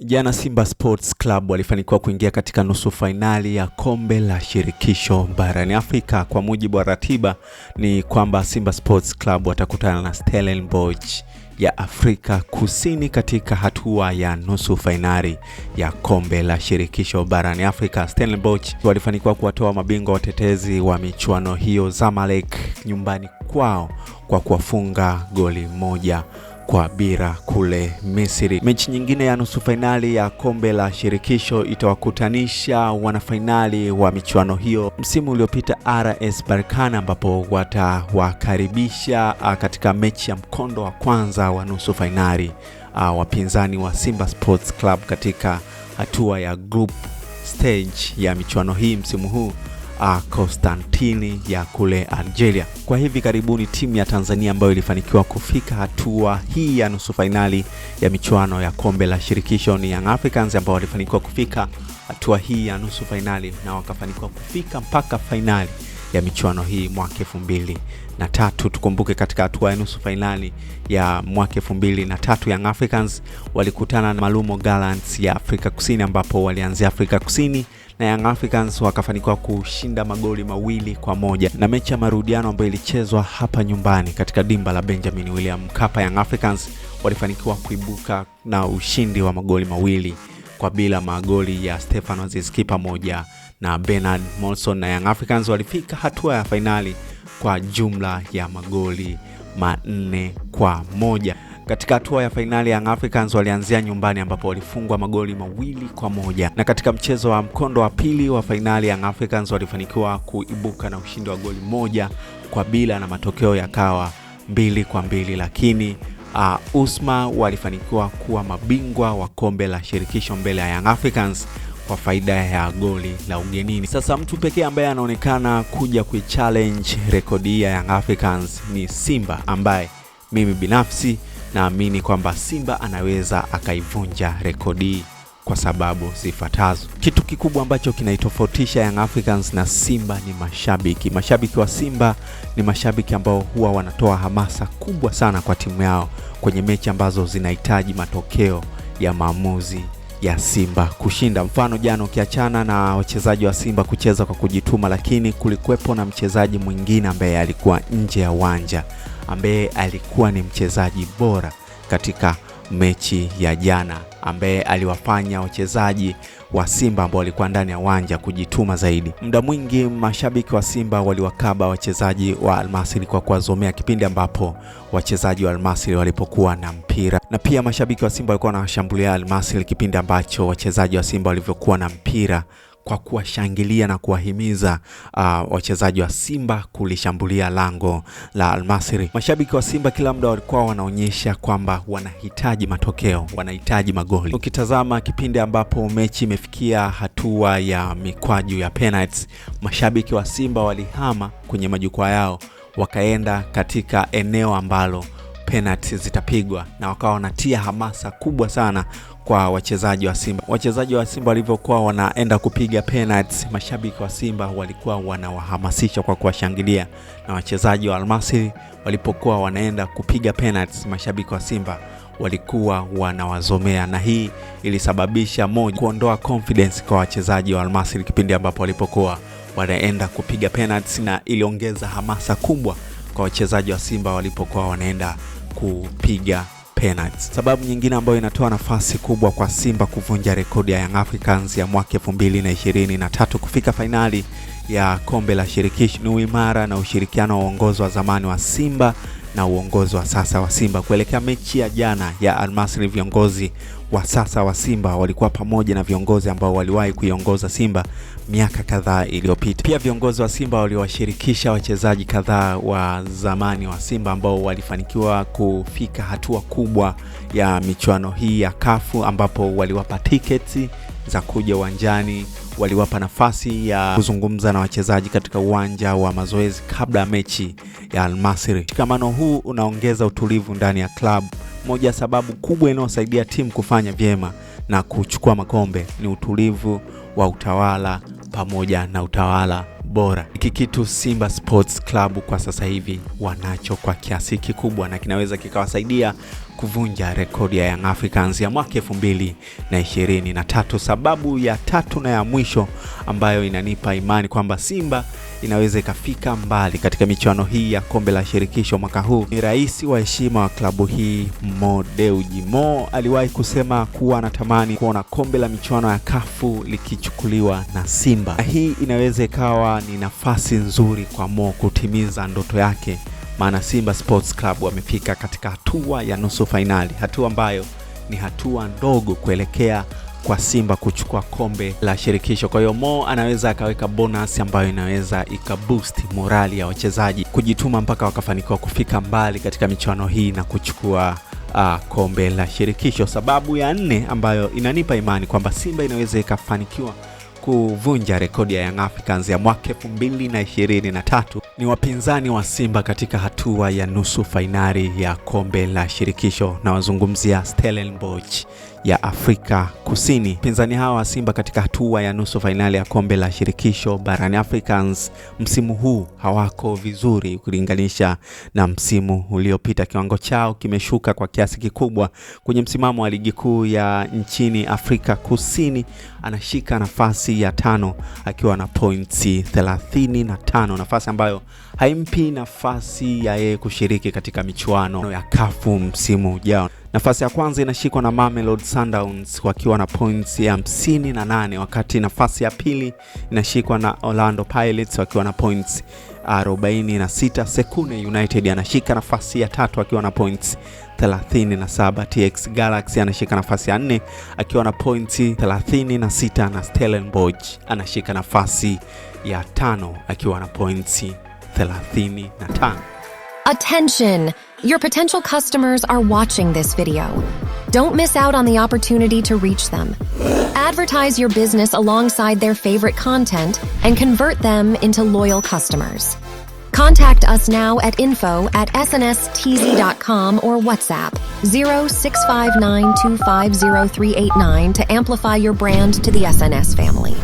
Jana Simba Sports Club walifanikiwa kuingia katika nusu fainali ya kombe la shirikisho barani Afrika. Kwa mujibu wa ratiba, ni kwamba Simba Sports Club watakutana na Stellenbosch ya Afrika Kusini katika hatua ya nusu fainali ya kombe la shirikisho barani Afrika. Stellenbosch walifanikiwa kuwatoa mabingwa watetezi wa michuano hiyo Zamalek nyumbani kwao kwa kuwafunga goli moja kwa bila kule Misri. Mechi nyingine ya nusu fainali ya kombe la shirikisho itawakutanisha wanafainali wa michuano hiyo msimu uliopita RS Berkane, ambapo watawakaribisha ah, katika mechi ya mkondo wa kwanza wa nusu fainali ah, wapinzani wa Simba Sports Club katika hatua ya group stage ya michuano hii msimu huu Konstantini uh, ya kule Algeria. Kwa hivi karibuni timu ya Tanzania ambayo ilifanikiwa kufika hatua hii ya nusu fainali ya michuano ya kombe la shirikisho ni Young Africans ambao walifanikiwa kufika hatua hii ya nusu fainali na wakafanikiwa kufika mpaka fainali ya michuano hii mwaka elfu mbili na tatu. Tukumbuke katika hatua ya nusu fainali ya mwaka elfu mbili na tatu Young Africans walikutana na Malumo Gallants ya Afrika Kusini ambapo walianzia Afrika Kusini na Young Africans wakafanikiwa kushinda magoli mawili kwa moja na mechi ya marudiano ambayo ilichezwa hapa nyumbani katika dimba la Benjamin William Mkapa, Young Africans walifanikiwa kuibuka na ushindi wa magoli mawili kwa bila, magoli ya Stefano Ziski pamoja na Bernard Molson, na Young Africans walifika hatua ya fainali kwa jumla ya magoli manne kwa moja. Katika hatua ya fainali Young Africans walianzia nyumbani ambapo walifungwa magoli mawili kwa moja na katika mchezo wa mkondo wa pili wa fainali Young Africans walifanikiwa kuibuka na ushindi wa goli moja kwa bila na matokeo yakawa mbili kwa mbili lakini uh, Usma walifanikiwa kuwa mabingwa wa kombe la shirikisho mbele ya Young Africans kwa faida ya goli la ugenini. Sasa mtu pekee ambaye anaonekana kuja kuichallenge rekodi ya Young Africans ni Simba ambaye mimi binafsi naamini kwamba Simba anaweza akaivunja rekodi kwa sababu zifuatazo. Kitu kikubwa ambacho kinaitofautisha Young Africans na Simba ni mashabiki. Mashabiki wa Simba ni mashabiki ambao huwa wanatoa hamasa kubwa sana kwa timu yao kwenye mechi ambazo zinahitaji matokeo ya maamuzi ya Simba kushinda. Mfano jana, ukiachana na wachezaji wa Simba kucheza kwa kujituma, lakini kulikuwepo na mchezaji mwingine ambaye alikuwa nje ya uwanja ambaye alikuwa ni mchezaji bora katika mechi ya jana, ambaye aliwafanya wachezaji wa Simba ambao walikuwa ndani ya uwanja kujituma zaidi. Muda mwingi mashabiki wa Simba waliwakaba wachezaji wa Almasri kwa kuwazomea kipindi ambapo wachezaji wa Almasri walipokuwa na mpira, na pia mashabiki wa Simba walikuwa wanawashambulia Almasri kipindi ambacho wachezaji wa Simba walivyokuwa na mpira kwa kuwashangilia na kuwahimiza uh, wachezaji wa Simba kulishambulia lango la Almasri. Mashabiki wa Simba kila muda walikuwa wanaonyesha kwamba wanahitaji matokeo, wanahitaji magoli. Ukitazama kipindi ambapo mechi imefikia hatua ya mikwaju ya penalty, mashabiki wa Simba walihama kwenye majukwaa yao wakaenda katika eneo ambalo penalti zitapigwa, na wakawa wanatia hamasa kubwa sana kwa wachezaji wa Simba. Wachezaji wa Simba walivyokuwa wanaenda kupiga penalti, mashabiki wa Simba walikuwa wanawahamasisha kwa kuwashangilia, na wachezaji wa Almasri walipokuwa wanaenda kupiga penalti, mashabiki wa Simba walikuwa wanawazomea, na hii ilisababisha moja, kuondoa confidence kwa wachezaji wa almasiri kipindi ambapo walipokuwa wanaenda kupiga penalti, na iliongeza hamasa kubwa kwa wachezaji wa Simba walipokuwa wanaenda kupiga penalty. Sababu nyingine ambayo inatoa nafasi kubwa kwa Simba kuvunja rekodi ya Young Africans ya mwaka 2023 kufika fainali ya kombe la shirikisho ni uimara na ushirikiano wa uongozi wa zamani wa Simba na uongozi wa sasa wa Simba. Kuelekea mechi ya jana ya Almasri, viongozi wa sasa wa Simba walikuwa pamoja na viongozi ambao waliwahi kuiongoza Simba miaka kadhaa iliyopita. Pia viongozi wa Simba waliwashirikisha wachezaji kadhaa wa zamani wa Simba ambao walifanikiwa kufika hatua kubwa ya michuano hii ya kafu ambapo waliwapa tiketi za kuja uwanjani, waliwapa nafasi ya kuzungumza na wachezaji katika uwanja wa mazoezi kabla ya mechi ya Almasiri. Masry. Mshikamano huu unaongeza utulivu ndani ya klabu moja sababu kubwa inayosaidia timu kufanya vyema na kuchukua makombe ni utulivu wa utawala pamoja na utawala bora. Hiki kitu Simba Sports Club kwa sasa hivi wanacho kwa kiasi kikubwa, na kinaweza kikawasaidia kuvunja rekodi ya Young Africans ya mwaka elfu mbili na ishirini na tatu. Sababu ya tatu na ya mwisho ambayo inanipa imani kwamba Simba inaweza ikafika mbali katika michuano hii ya kombe la shirikisho mwaka huu. Ni rais wa heshima wa klabu hii Mo Dewji. Mo aliwahi kusema kuwa anatamani kuona kombe la michuano ya kafu likichukuliwa na Simba. na Hii inaweza ikawa ni nafasi nzuri kwa Mo kutimiza ndoto yake, maana Simba Sports Club wamefika katika hatua ya nusu fainali, hatua ambayo ni hatua ndogo kuelekea kwa Simba kuchukua kombe la shirikisho. Kwa hiyo Mo anaweza akaweka bonus ambayo inaweza ikaboost morali ya wachezaji kujituma mpaka wakafanikiwa kufika mbali katika michuano hii na kuchukua Uh, kombe la shirikisho. Sababu ya nne ambayo inanipa imani kwamba Simba inaweza ikafanikiwa kuvunja rekodi ya Young Africans ya mwaka 2023 ni wapinzani wa Simba katika hatua ya nusu fainali ya kombe la shirikisho na wazungumzia Stellenbosch ya Afrika Kusini. Wapinzani hawa wa Simba katika hatua ya nusu fainali ya kombe la shirikisho barani Africans msimu huu hawako vizuri ukilinganisha na msimu uliopita. Kiwango chao kimeshuka kwa kiasi kikubwa. Kwenye msimamo wa ligi kuu ya nchini Afrika Kusini anashika nafasi ya tano akiwa na pointi 35, nafasi ambayo haimpi nafasi ya yeye kushiriki katika michuano ya kafu msimu ujao. Nafasi ya kwanza inashikwa na Mamelodi Sundowns wakiwa na points ya hamsini na nane wakati nafasi ya pili inashikwa na Orlando Pirates wakiwa na points 46. Sekune United anashika nafasi ya tatu akiwa na points 37. TX Galaxy anashika nafasi ya nne akiwa na points 36 na Stellenbosch anashika nafasi ya tano akiwa na points 35. Attention! Your potential customers are watching this video. Don't miss out on the opportunity to reach them. Advertise your business alongside their favorite content and convert them into loyal customers. Contact us now at info at snstz.com or WhatsApp 0659250389 to amplify your brand to the SNS family.